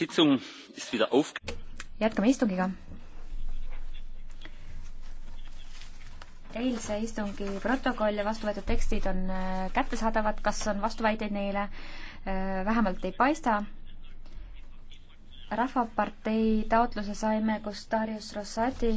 jätkame istungiga. eilse istungi protokoll ja vastu võetud tekstid on äh, kättesaadavad, kas on vastuväiteid neile? Äh, vähemalt ei paista. rahvapartei taotluse saime, kus Darius Rossati